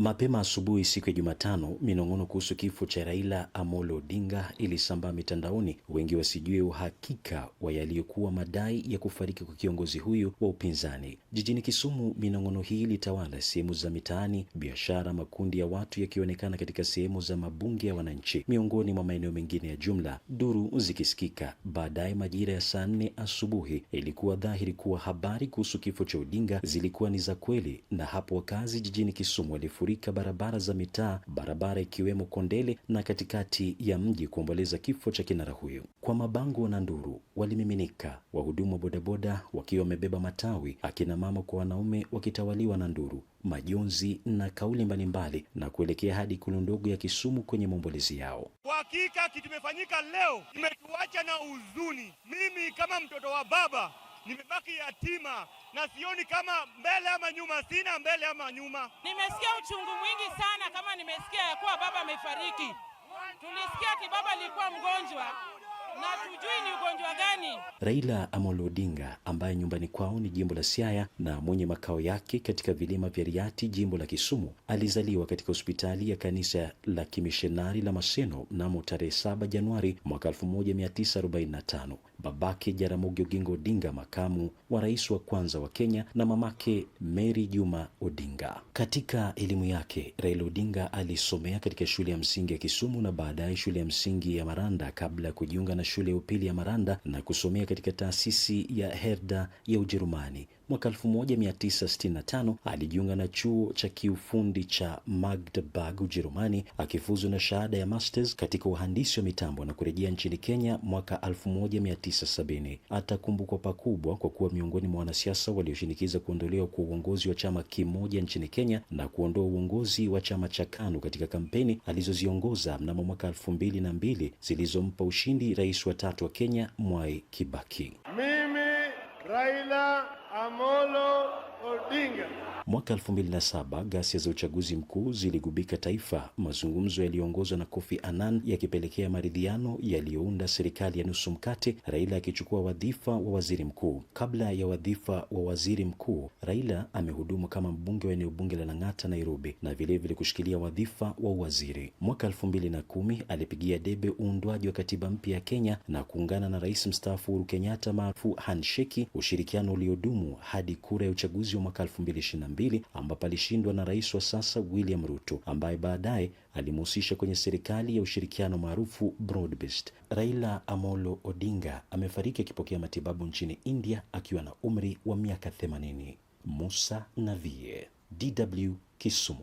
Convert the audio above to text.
Mapema asubuhi siku ya Jumatano, minong'ono kuhusu kifo cha Raila Amolo Odinga ilisambaa mitandaoni, wengi wasijue uhakika wa yaliyokuwa madai ya kufariki kwa kiongozi huyu wa upinzani. Jijini Kisumu, minong'ono hii ilitawala sehemu za mitaani, biashara, makundi ya watu yakionekana katika sehemu za mabunge ya wananchi, miongoni mwa maeneo mengine ya jumla, duru zikisikika. Baadaye majira ya saa nne asubuhi, ilikuwa dhahiri kuwa habari kuhusu kifo cha Odinga zilikuwa ni za kweli, na hapo wakazi jijini Kisumu walifu kufurika barabara za mitaa, barabara ikiwemo Kondele na katikati ya mji kuomboleza kifo cha kinara huyo. Kwa mabango na nduru walimiminika wahudumu wa bodaboda wakiwa wamebeba matawi, akina mama kwa wanaume wakitawaliwa na nduru, majonzi na kauli mbalimbali, na kuelekea hadi kulu ndogo ya Kisumu kwenye maombolezi yao. Kwa hakika kitu kimefanyika leo kimetuacha na huzuni. Mimi kama mtoto wa baba nimebaki yatima na sioni kama mbele ama nyuma, sina mbele ama nyuma. Nimesikia uchungu mwingi sana, kama nimesikia ya kuwa baba amefariki. Tulisikia kibaba alikuwa mgonjwa na tujui ni ugonjwa gani. Raila Amolo Odinga ambaye nyumbani kwao ni jimbo la Siaya na mwenye makao yake katika vilima vya Riati, jimbo la Kisumu, alizaliwa katika hospitali ya kanisa la kimishonari la Maseno mnamo tarehe 7 Januari mwaka 1945 babake Jaramogi Oginga Odinga, makamu wa rais wa kwanza wa Kenya, na mamake Mary Juma Odinga. Katika elimu yake, Raila Odinga alisomea katika shule ya msingi ya Kisumu na baadaye shule ya msingi ya Maranda kabla ya kujiunga na shule ya upili ya Maranda na kusomea katika taasisi ya Herda ya Ujerumani mwaka 1965 alijiunga na chuo cha kiufundi cha Magdeburg Ujerumani, akifuzu na shahada ya masters katika uhandisi wa mitambo na kurejea nchini Kenya mwaka 1970. Atakumbukwa pakubwa kwa kuwa miongoni mwa wanasiasa walioshinikiza kuondolewa kwa uongozi wa chama kimoja nchini Kenya na kuondoa uongozi wa chama cha KANU katika kampeni alizoziongoza mnamo mwaka 2002 zilizompa ushindi rais wa tatu wa Kenya Mwai Kibaki. amolo Odinga. Mwaka 2007 ghasia za uchaguzi mkuu ziligubika taifa, mazungumzo yaliyoongozwa na Kofi Annan yakipelekea maridhiano yaliyounda serikali ya nusu mkate, Raila akichukua wadhifa wa waziri mkuu. Kabla ya wadhifa wa waziri mkuu, Raila amehudumu kama mbunge wa eneo bunge la Lang'ata, Nairobi, na vilevile vile kushikilia wadhifa wa uwaziri. Mwaka 2010 alipigia debe uundwaji wa katiba mpya ya Kenya na kuungana na rais mstaafu Uhuru Kenyatta maarufu handshake, ushirikiano uliodumu hadi kura ya uchaguzi uchaguzi wa mwaka 2022 ambapo alishindwa na rais wa sasa William Ruto ambaye baadaye alimhusisha kwenye serikali ya ushirikiano maarufu Broadbest. Raila Amolo Odinga amefariki akipokea matibabu nchini India akiwa na umri wa miaka 80. Musa Navie, DW, Kisumu.